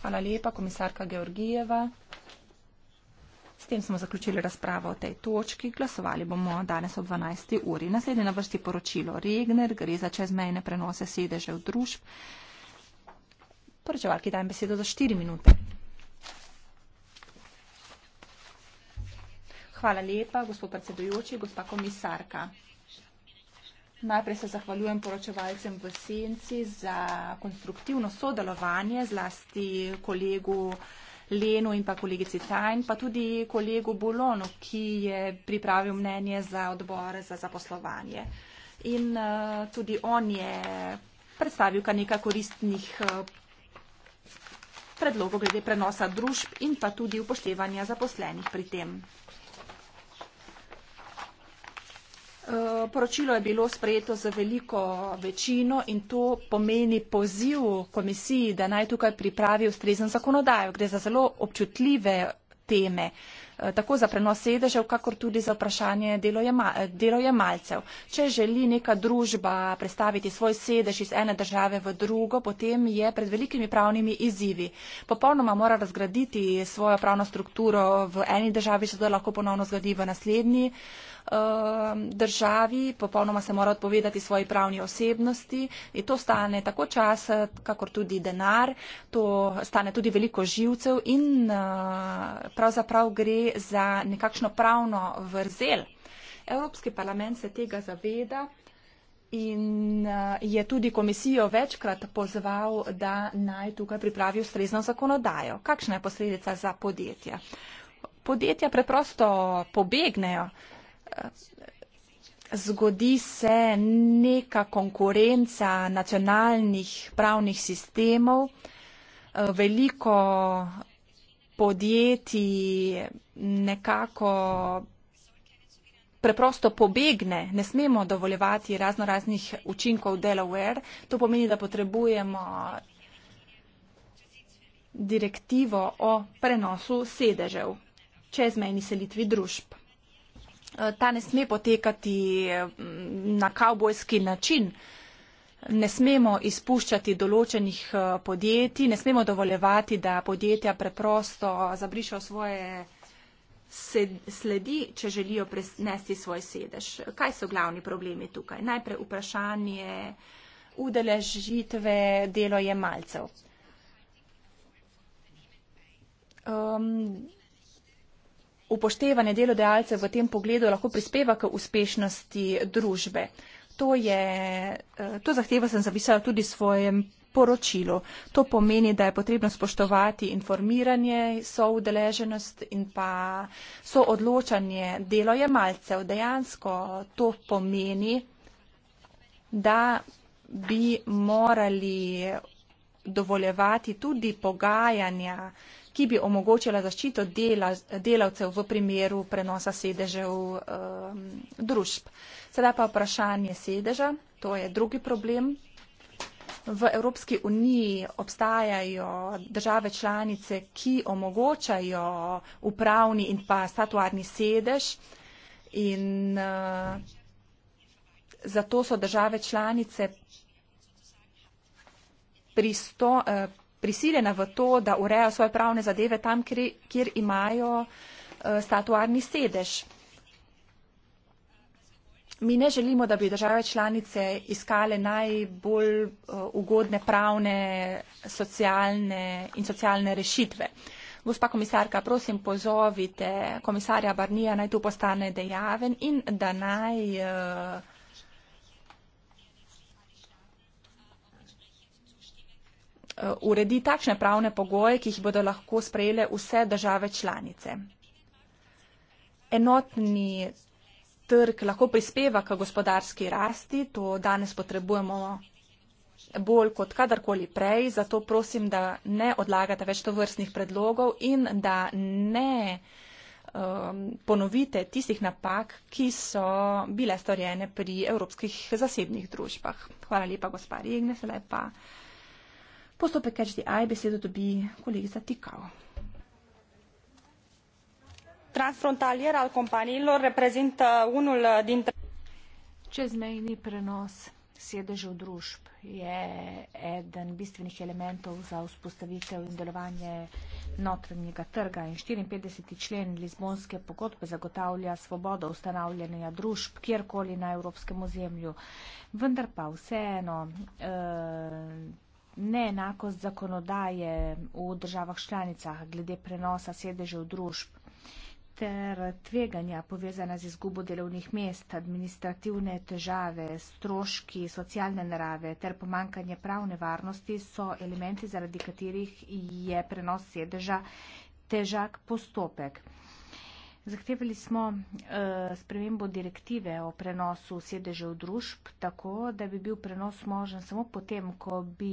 Hvala lepa, komisarka Georgijeva. S tem smo zaključili razpravo o tej točki. Glasovali bomo danes ob 12. uri. Naslednje na vrsti poročilo Regner, gre za čezmejne prenose sedežev družb. Poročevalki dajem besedo za 4 minute. Hvala lepa, gospod predsedujoči, gospa komisarka. Najprej se zahvaljujem poročevalcem v Senci za konstruktivno sodelovanje, zlasti kolegu Lenu in pa kolegici Tajn, pa tudi kolegu Bolonu, ki je pripravil mnenje za odbor za zaposlovanje. In uh, tudi on je predstavil kar nekaj koristnih eh, predlogov glede prenosa družb in pa tudi upoštevanja zaposlenih pri tem. Eh, poročilo je bilo sprejeto za veliko večino in to pomeni poziv komisiji, da naj tukaj pripravi ustrezen zakonodajo. Gre za zelo občutljive teme, eh, tako za prenos sedežev, kakor tudi za vprašanje delojemalcev. Če želi neka družba predstaviti svoj sedež iz ene države v drugo, potem je pred velikimi pravnimi izzivi. Popolnoma mora razgraditi svojo pravno strukturo v eni državi, zato lahko ponovno zgradi v naslednji. Um, državi, popolnoma se mora odpovedati svoji pravni osebnosti in to stane tako čas, kakor tudi denar, to stane tudi veliko živcev in uh, pravzaprav gre za nekakšno pravno vrzel. Evropski parlament se tega zaveda. In uh, je tudi komisijo večkrat pozval, da naj tukaj pripravi ustrezno zakonodajo. Kakšna je posledica za podjetja? Podjetja preprosto pobegnejo zgodi se neka konkurenca nacionalnih pravnih sistemov. Veliko podjetij nekako preprosto pobegne. Ne smemo dovoljevati razno raznih učinkov Delaware. To pomeni, da potrebujemo direktivo o prenosu sedežev čezmejni selitvi družb. Eh, ta ne sme potekati mm, na kavbojski način. Ne smemo izpuščati določenih eh, podjetij, ne smemo dovoljevati, da podjetja preprosto zabrišajo svoje sledi, če želijo presnesti svoj sedež. Kaj so glavni problemi tukaj? Najprej vprašanje udeležitve delojemalcev. Um, upoštevanje delodajalcev v tem pogledu lahko prispeva k uspešnosti družbe. To, je, eh, to zahtevo sem zapisala tudi svojem poročilu. To pomeni, da je potrebno spoštovati informiranje, soudeleženost in pa soodločanje delojemalcev. Dejansko to pomeni, da bi morali dovoljevati tudi pogajanja uh, ki bi omogočila zaščito dela, delavcev v primeru prenosa sedežev um, družb. Sedaj pa vprašanje sedeža, to je drugi problem. V Evropski uniji obstajajo države članice, ki omogočajo upravni in pa statuarni sedež in uh, zato so države članice pristo, uh, prisiljena v to, da ureja svoje pravne zadeve tam, kjer, kjer imajo uh, statuarni sedež. Mi ne želimo, da bi države članice iskale najbolj uh, ugodne pravne socialne in socialne rešitve. Gospa komisarka, prosim, pozovite komisarja Barnija, naj tu postane dejaven in da naj uh, Eh, uredi takšne pravne pogoje, ki jih bodo lahko sprejele vse države članice. Enotni trg lahko prispeva k gospodarski rasti, to danes potrebujemo bolj kot kadarkoli prej, zato prosim, da ne odlagate več to vrstnih predlogov in da ne um, ponovite tistih napak, ki so bile storjene pri evropskih zasebnih družbah. Hvala lepa, gospa Regne, sedaj pa. Postopek HDI besedo dobi kolegica Tikao. Transfrontalier al compagnilor reprezintă unul dintre... Čezmejni prenos sedežev družb je eden bistvenih elementov za vzpostavitev in delovanje notranjega trga. In 54. člen Lizbonske pogodbe zagotavlja svobodo ustanavljanja družb kjerkoli na evropskem ozemlju. Vendar pa vseeno... Eh, neenakost zakonodaje v državah članicah glede prenosa sedežev družb ter tveganja povezana z izgubo delovnih mest, administrativne težave, stroški socialne narave ter pomankanje pravne varnosti so elementi, zaradi katerih je prenos sedeža težak postopek. Zahtevali smo uh, spremembo direktive o prenosu sedežev družb tako, da bi bil prenos možen samo potem, ko bi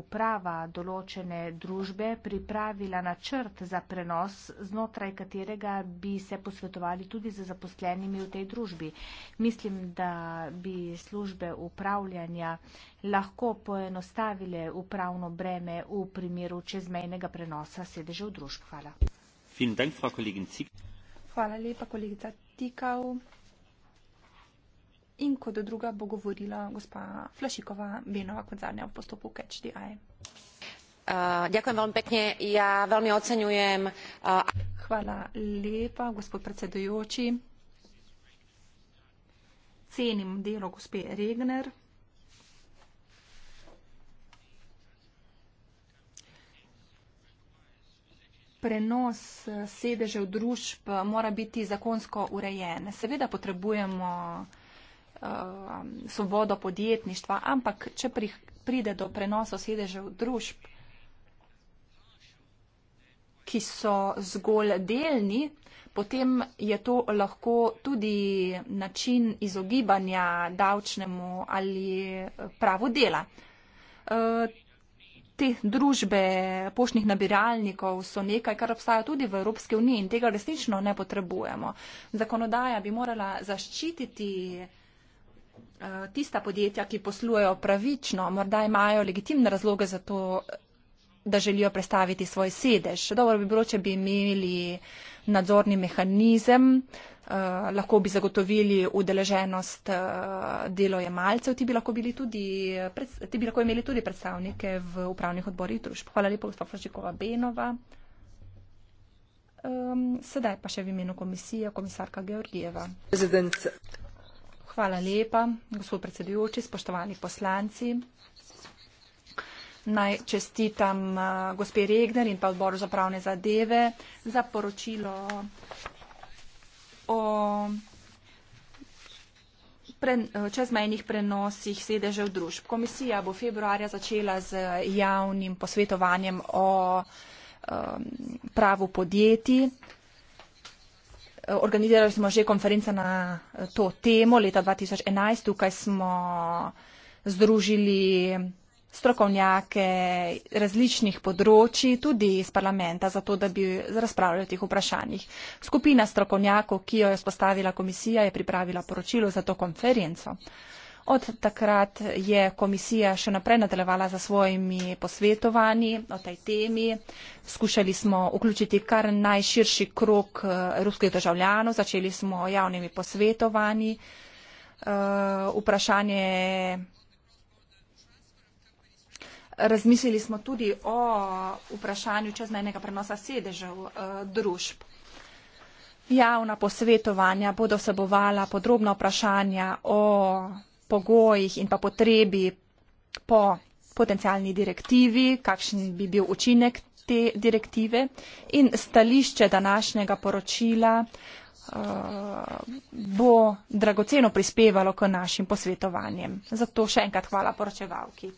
uprava določene družbe pripravila načrt za prenos, znotraj katerega bi se posvetovali tudi za zaposlenimi v tej družbi. Mislim, da bi službe upravljanja lahko poenostavile upravno breme v primeru čezmejnega prenosa sedežev družb. Hvala. Vielen Dank, Frau Kollegin Zieg. Hvala lepa, kolegica Tikal. In kot druga bo govorila gospa Flašikova Benova kot zadnja v postopku Catch the Eye. Uh, ďakujem veľmi pekne, ja veľmi oceňujem. Uh... Hvala lepa, gospod predsedujoči. Cenim delo gospe Regner. prenos eh, sedežev družb eh, mora biti zakonsko urejen. Seveda potrebujemo eh, svobodo podjetništva, ampak če pride do prenosa sedežev družb, ki so zgolj delni, potem je to lahko tudi način izogibanja davčnemu ali pravu dela te družbe poštnih nabiralnikov so nekaj, kar obstaja tudi v Evropske unije in tega resnično ne potrebujemo. Zakonodaja bi morala zaščititi eh, tista podjetja, ki poslujejo pravično, morda imajo legitimne razloge za to, da želijo predstaviti svoj sedež. Dobro bi bilo, če bi imeli nadzorni mehanizem, eh, lahko bi zagotovili udeleženost eh, delojemalcev, ti bi, tudi, eh, ti bi lahko imeli tudi predstavnike v upravnih odborih družb. Hvala lepa, gospod Fražikova Benova. Um, sedaj pa še v imenu komisije, komisarka Georgijeva. Hvala lepa, gospod predsedujoči, spoštovani poslanci naj čestitam eh, gospe Regner in pa odboru za pravne zadeve za poročilo o čezmejnih prenosih sedežev družb. Komisija bo februarja začela z javnim posvetovanjem o pravu podjetij. Organizirali smo že konference na to temo leta 2011. Tukaj smo združili strokovnjake različnih področji, tudi iz parlamenta, zato da bi razpravljali o teh vprašanjih. Skupina strokovnjakov, ki jo je spostavila komisija, je pripravila poročilo za to konferenco. Od takrat je komisija še naprej nadaljevala za svojimi posvetovanji o tej temi. Skušali smo vključiti kar najširši krok eh, ruskih državljanov, začeli smo javnimi posvetovanji. Uh, vprašanje razmislili smo tudi o vprašanju čezmejnega prenosa sedežev uh, družb. Javna posvetovanja bodo vsebovala podrobna vprašanja o pogojih in pa potrebi po potencialni direktivi, kakšen bi bil učinek te direktive in stališče današnjega poročila uh, bo dragoceno prispevalo k našim posvetovanjem. Zato še enkrat hvala poročevalki.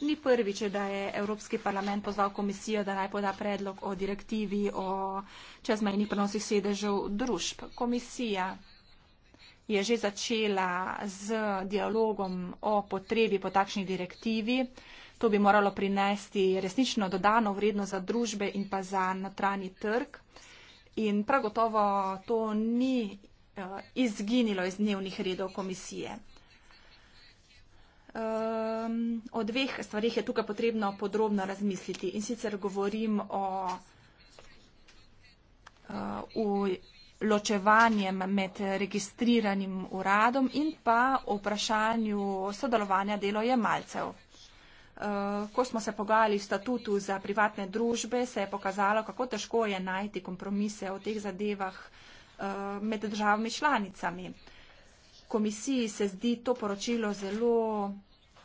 Ni prvič, da je Evropski parlament pozval komisijo, da naj poda predlog o direktivi o čezmejnih prenosih sedežev družb. Komisija je že začela z dialogom o potrebi po takšni direktivi. To bi moralo prinesti resnično dodano vredno za družbe in pa za notranji trg. In prav gotovo to ni eh, izginilo iz dnevnih redov komisije. Um, o dveh stvarih je tukaj potrebno podrobno razmisliti in sicer govorim o uh, eh, ločevanjem med registriranim uradom in pa o vprašanju sodelovanja delojemalcev. Uh, ko smo se pogajali v statutu za privatne družbe, se je pokazalo, kako težko je najti kompromise o teh zadevah uh, med državami članicami. Uh, komisiji se zdi to poročilo zelo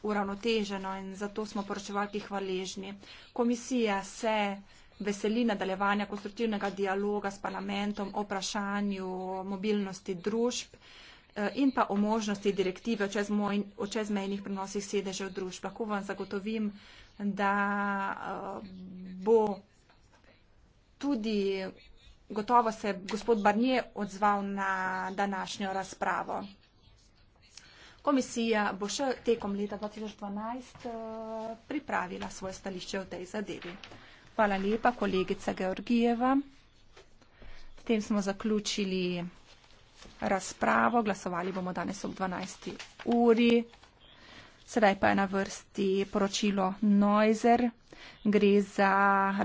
uravnoteženo in zato smo poročevalki hvaležni. Komisija se veseli nadaljevanja konstruktivnega dialoga s parlamentom o vprašanju mobilnosti družb eh, in pa o možnosti direktive o čezmejnih prenosih sedežev družb. Lahko vam zagotovim, da eh, bo tudi gotovo se gospod Barnier odzval na današnjo razpravo. Komisija bo še tekom leta 2012 eh, pripravila svoje stališče v tej zadevi. Hvala lepa, kolegica Georgijeva. S tem smo zaključili razpravo. Glasovali bomo danes ob 12. uri. Sedaj pa je na vrsti poročilo Neuser. Gre za.